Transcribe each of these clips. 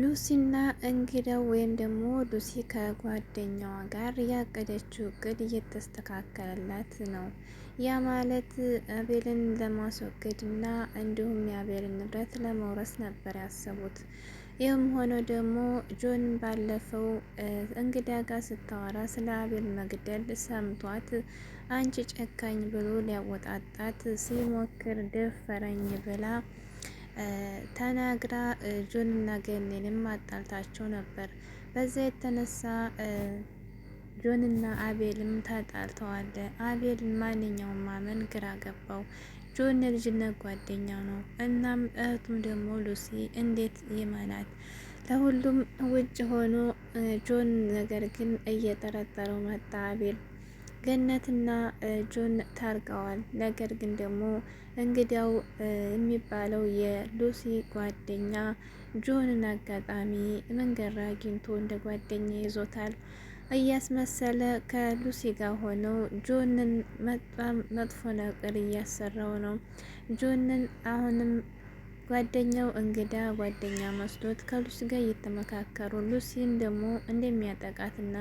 ሉሲና እንግዳው ወይም ደግሞ ሉሲ ከጓደኛዋ ጋር ያቀደችው እቅድ እየተስተካከለላት ነው። ያ ማለት አቤልን ለማስወገድ እና እንዲሁም የአቤልን ንብረት ለመውረስ ነበር ያሰቡት። ይህም ሆኖ ደግሞ ጆን ባለፈው እንግዳ ጋር ስታወራ ስለ አቤል መግደል ሰምቷት አንቺ ጨካኝ ብሎ ሊያወጣጣት ሲሞክር ደፈረኝ ብላ ተናግራ ጆንና ገኔንም አጣልታቸው ነበር። በዛ የተነሳ ጆንና አቤልም ተጣልተዋል። አቤል ማንኛውም ማመን ግራ ገባው። ጆን የልጅነት ጓደኛው ነው። እናም እህቱም ደግሞ ሉሲ እንዴት ይመናት? ለሁሉም ውጭ ሆኖ ጆን ነገር ግን እየጠረጠረው መጣ አቤል ገነትና ጆን ታርቀዋል። ነገር ግን ደግሞ እንግዲያው የሚባለው የሉሲ ጓደኛ ጆንን አጋጣሚ መንገድ ላይ አግኝቶ እንደ ጓደኛ ይዞታል እያስመሰለ ከሉሲ ጋር ሆነው ጆንን በጣም መጥፎ ነገር እያሰራው ነው። ጆንን አሁንም ጓደኛው እንግዳ ጓደኛ መስሎት ከሉሲ ጋር እየተመካከሩ ሉሲን ደግሞ እንደሚያጠቃትና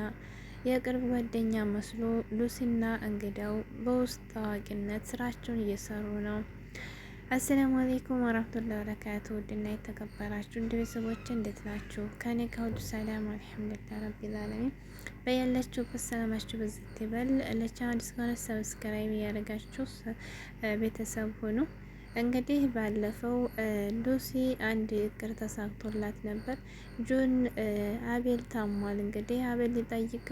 የቅርብ ጓደኛ መስሎ ሉሲና እንግዳው በውስጥ ታዋቂነት ስራቸውን እየሰሩ ነው። አሰላሙ አሌይኩም ወራህመቱላሂ ወበረካቱ ውድና የተከበራችሁ እንደ ቤተሰቦች እንዴት ናችሁ? ከኔ ከሁሉ ሰላም አልሐምዱሊላህ ረቢል ዓለሚን። በያላችሁበት ሰላማችሁ በዝት ይበል። ለቻናል ዲስኮነ ሰብስክራይብ እያደረጋችሁ ቤተሰብ ሆኑ። እንግዲህ ባለፈው ሉሲ አንድ እቅር ተሳክቶላት ነበር። ጁን አቤል ታሟል። እንግዲህ አቤል ሊጠይቅ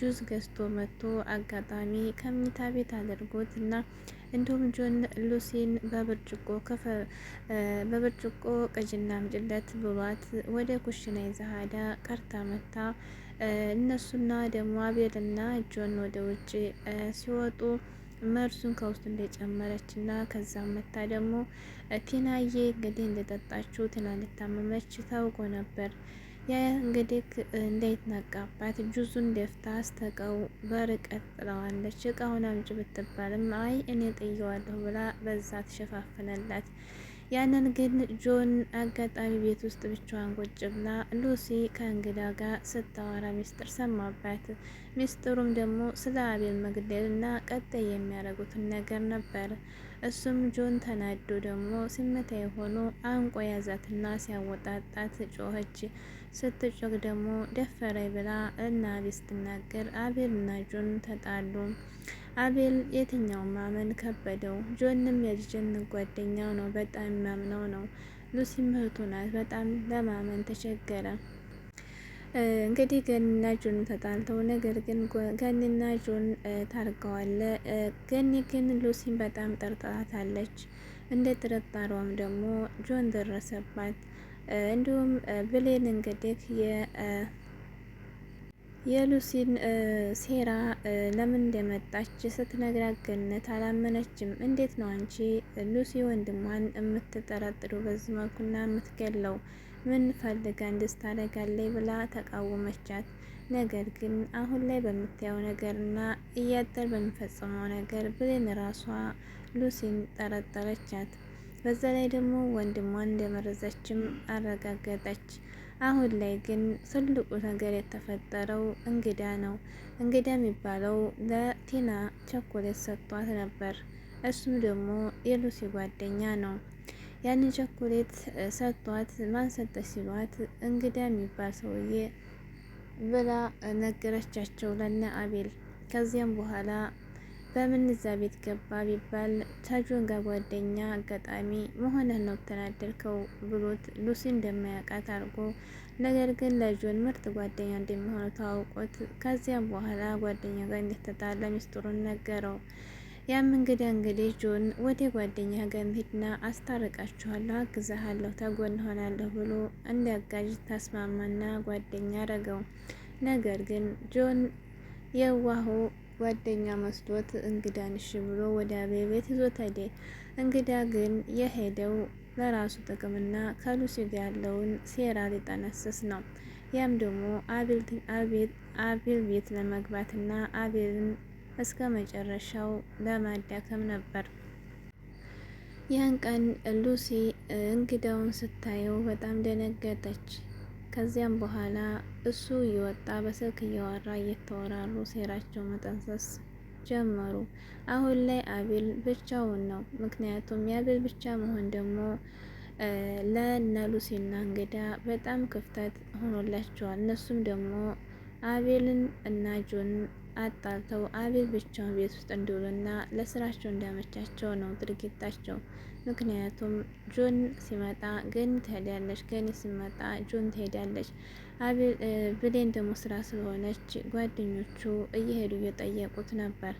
ጁስ ገዝቶ መጥቶ አጋጣሚ ከምኝታ ቤት አድርጎት እና እንዲሁም ጆን ሉሲን በብርጭቆ ከፈ በብርጭቆ ቅጅና ምጭለት ብሏት ወደ ኩሽና ይዛሃዳ ቀርታ መታ። እነሱና ደግሞ አቤልና ጆን ወደ ውጭ ሲወጡ መርዙን ከውስጥ እንደጨመረች እና ከዛ መታ ደግሞ ቴናዬ እንግዲህ እንደጠጣችው ትና እንደታመመች ታውቆ ነበር። ያ እንግዲህ እንዳይትናቃባት ጁዙን ደፍታ አስተቀው በርቀት ጥለዋለች። እቃውን አምጪ ብትባልም አይ እኔ ጥየዋለሁ ብላ በዛ ትሸፋፍነላት። ያንን ግን ጆን አጋጣሚ ቤት ውስጥ ብቻዋን ቁጭ ብላ ሉሲ ከእንግዳ ጋር ስታወራ ሚስጥር ሰማባት። ሚስጥሩም ደግሞ ስለ አቤል መግደል እና ቀጣይ የሚያደርጉትን ነገር ነበር። እሱም ጆን ተናዶ ደግሞ ስሜታዊ የሆኑ አንቆ ያዛትና ሲያወጣጣት ጮኸች። ስትጮህ ደግሞ ደፈረ ብላ እና አቤል ስትናገር ጆን ተጣሉ። አቤል የትኛው ማመን ከበደው። ጆንም የልጅን ጓደኛው ነው፣ በጣም የሚያምነው ነው። ሉሲም እህቱ ናት፣ በጣም ለማመን ተቸገረ። እንግዲህ ገኒና ጆን ተጣልተው፣ ነገር ግን ገኒና ጆን ታርገዋለ ገኒ ግን ሉሲን በጣም ጠርጥራታለች። እንደ ጥርጣሯም ደግሞ ጆን ደረሰባት። እንዲሁም ብሌን እንግዲህ የሉሲን ሴራ ለምን እንደመጣች ስትነግራት አላመነችም። እንዴት ነው አንቺ ሉሲ ወንድሟን የምትጠረጥሩ በዚህ መልኩና የምትገለው ምን ፈልጋ እንድስ ብላ ተቃወመቻት። ነገር ግን አሁን ላይ በምታየው ነገርና እያጠር በሚፈጽመው ነገር ብሌን ራሷ ሉሲን ጠረጠረቻት። በዛ ላይ ደግሞ ወንድሟን እንደመረዘችም አረጋገጠች። አሁን ላይ ግን ትልቁ ነገር የተፈጠረው እንግዳ ነው። እንግዳ የሚባለው ለቲና ቸኮሌት ሰጥቷት ነበር። እሱም ደግሞ የሉሲ ጓደኛ ነው። ያንን ቸኮሌት ሰጥቷት ማን ሲሏት እንግዳ የሚባል ሰውዬ ብላ ነገረቻቸው ለነ አቤል። ከዚያም በኋላ በምን እዛ ቤት ገባ ቢባል ተጆን ጋር ጓደኛ አጋጣሚ መሆንህ ነው ተናደድከው ብሎት ሉሲ እንደማያውቃት አድርጎ ነገር ግን ለጆን ምርጥ ጓደኛ እንደሚሆነ ተዋውቆት ከዚያም በኋላ ጓደኛ ጋር እንደተጣለ ሚስጥሩን ነገረው። ያም እንግዲህ እንግዲህ ጆን ወደ ጓደኛ ጋር ሄድና አስታርቃችኋለሁ፣ አግዛሃለሁ፣ ተጎን ሆናለሁ ብሎ እንዲያጋዥ ተስማማና ጓደኛ አረገው። ነገር ግን ጆን የዋሁ ጓደኛ መስሎት እንግዳንሽ ብሎ ወደ አቤ ቤት ይዞት ሄደ። እንግዳ ግን የሄደው ለራሱ ጥቅምና ከሉሲ ጋር ያለውን ሴራ ሊጠነስስ ነው። ያም ደግሞ አቤል ቤት ለመግባትና አቤልን እስከ መጨረሻው ለማዳከም ነበር። ያን ቀን ሉሲ እንግዳውን ስታየው በጣም ደነገጠች። ከዚያም በኋላ እሱ እየወጣ በስልክ እያወራ እየተወራሩ ሴራቸው መጠንሰስ ጀመሩ። አሁን ላይ አቤል ብቻውን ነው። ምክንያቱም የአቤል ብቻ መሆን ደግሞ ለእነ ሉሲና እንግዳ በጣም ክፍተት ሆኖላቸዋል። እነሱም ደግሞ አቤልን እና ጆን አጣልተው አቤል ብቻውን ቤት ውስጥ እንዲውሉና ለስራቸው እንዲያመቻቸው ነው ድርጊታቸው። ምክንያቱም ጆን ሲመጣ ገኒ ትሄዳለች፣ ገኒ ሲመጣ ጆን ትሄዳለች። ብሌን ደግሞ ስራ ስለሆነች ጓደኞቹ እየሄዱ እየጠየቁት ነበር።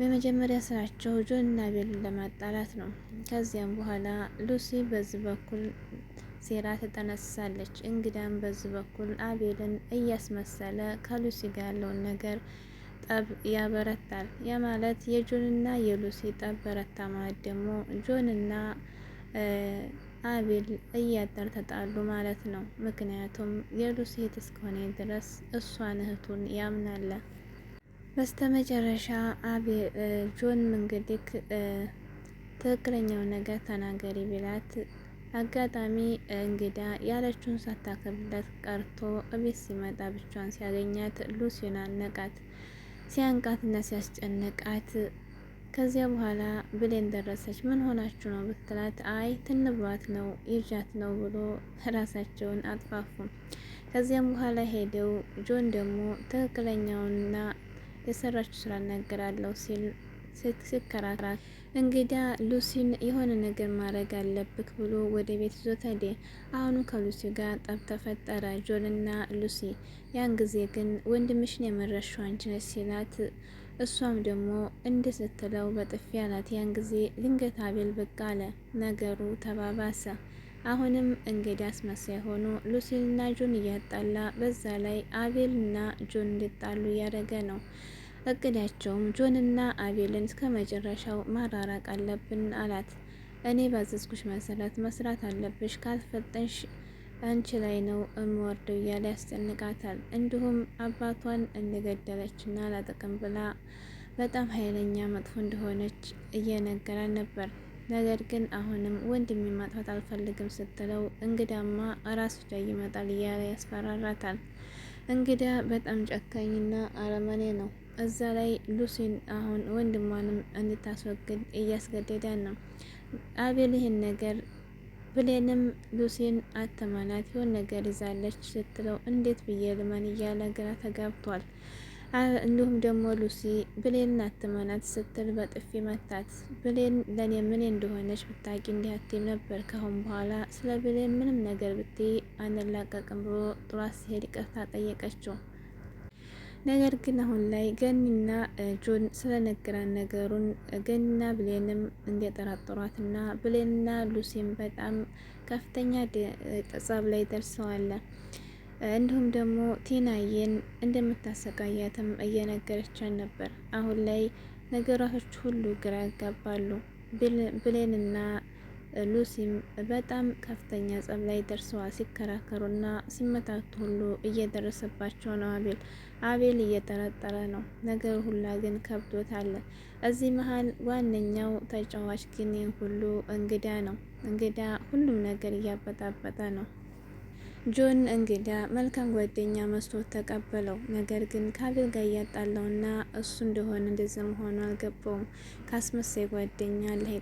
በመጀመሪያ ስራቸው ጆንና አቤልን ለማጣላት ነው። ከዚያም በኋላ ሉሲ በዚህ በኩል ሴራ ትጠነስሳለች። እንግዳም በዚህ በኩል አቤልን እያስመሰለ ከሉሲ ጋር ያለውን ነገር ጠብ ያበረታል። ያ ማለት የጆንና የሉሲ ጠብ በረታ ማለት ደግሞ ጆንና አቤል እያደር ተጣሉ ማለት ነው። ምክንያቱም የሉሲ እህት እስከሆነ ድረስ እሷን እህቱን ያምናለ። በስተመጨረሻ ጆን እንግዲህ ትክክለኛው ነገር ተናገሪ ቢላት አጋጣሚ እንግዳ ያለችውን ሳታከብለት ቀርቶ እቤት ሲመጣ ብቻዋን ሲያገኛት ሉሲን አነቃት። ሲያንቃትና ሲያስጨንቃት ከዚያ በኋላ ብሌን ደረሰች። ምን ሆናችሁ ነው ብትላት፣ አይ ትንብሏት ነው ይዣት ነው ብሎ ራሳቸውን አጥፋፉ። ከዚያም በኋላ ሄደው ጆን ደግሞ ትክክለኛውና የሰራችው ስራ እናገራለሁ ሲል ሲከራከራት እንግዳ ሉሲን የሆነ ነገር ማድረግ አለብክ ብሎ ወደ ቤት ይዞት ሄደ። አሁኑ ከሉሲ ጋር ጠብ ተፈጠረ፣ ጆንና ሉሲ። ያን ጊዜ ግን ወንድምሽን የመረሽው አንቺ ነሽ ሲላት፣ እሷም ደግሞ እንደ ስትለው በጥፊ አላት። ያን ጊዜ ድንገት አቤል ብቅ አለ። ነገሩ ተባባሰ። አሁንም እንግዳ አስመሳይ ሆኖ ሉሲንና ጆን እያጣላ፣ በዛ ላይ አቤልና ጆን እንዲጣሉ እያደረገ ነው። እቅዳቸውም ጆንና አቤልን እስከ መጨረሻው ማራራቅ አለብን አላት። እኔ ባዘዝኩሽ መሰረት መስራት አለብሽ፣ ካልፈጠንሽ አንቺ ላይ ነው እምወርደው እያለ ያስጨንቃታል። እንዲሁም አባቷን እንደገደለችና ላጥቅም ብላ በጣም ኃይለኛ መጥፎ እንደሆነች እየነገራን ነበር። ነገር ግን አሁንም ወንድሜ ማጥፋት አልፈልግም ስትለው እንግዳማ ራሱ ላይ ይመጣል እያለ ያስፈራራታል። እንግዳ በጣም ጨካኝና አረመኔ ነው። እዛ ላይ ሉሲን አሁን ወንድሟንም እንድታስወግድ እያስገደደ ነው። አቤል ይህን ነገር ብሌንም ሉሲን አተማናት ይሆን ነገር ይዛለች ስትለው እንዴት ብዬ ልመን እያለ ግራ ተጋብቷል። እንዲሁም ደግሞ ሉሲ ብሌንን አተማናት ስትል በጥፊ መታት። ብሌን ለእኔ ምን እንደሆነች ብታቂ እንዲህ አትይም ነበር፣ ካሁን በኋላ ስለ ብሌን ምንም ነገር ብትይ አንላቀቅም ብሎ ጥሯት ሲሄድ ይቅርታ ጠየቀችው። ነገር ግን አሁን ላይ ገኒና ጆን ስለነገራን ነገሩን ገኒና ብሌንም እንደጠራጠሯትና ብሌንና ሉሲም በጣም ከፍተኛ ጠጻብ ላይ ደርሰዋል። እንዲሁም ደግሞ ቴናዬን እንደምታሰቃያትም እየነገረችን ነበር። አሁን ላይ ነገራቶች ሁሉ ግራ ያጋባሉ ብሌንና ሉሲም በጣም ከፍተኛ ጸብ ላይ ደርሰዋል። ሲከራከሩና ሲመታቱ ሁሉ እየደረሰባቸው ነው። አቤል አቤል እየጠረጠረ ነው። ነገር ሁላ ግን ከብዶት አለ። እዚህ መሀል ዋነኛው ተጫዋች ግን ሁሉ እንግዳ ነው። እንግዳ ሁሉም ነገር እያበጣበጠ ነው። ጆን እንግዳ መልካም ጓደኛ መስሎት ተቀበለው። ነገር ግን ከአቤል ጋር እያጣላውና እሱ እንደሆነ እንደዚያ መሆኑ አልገባውም። ካስመሳይ ጓደኛ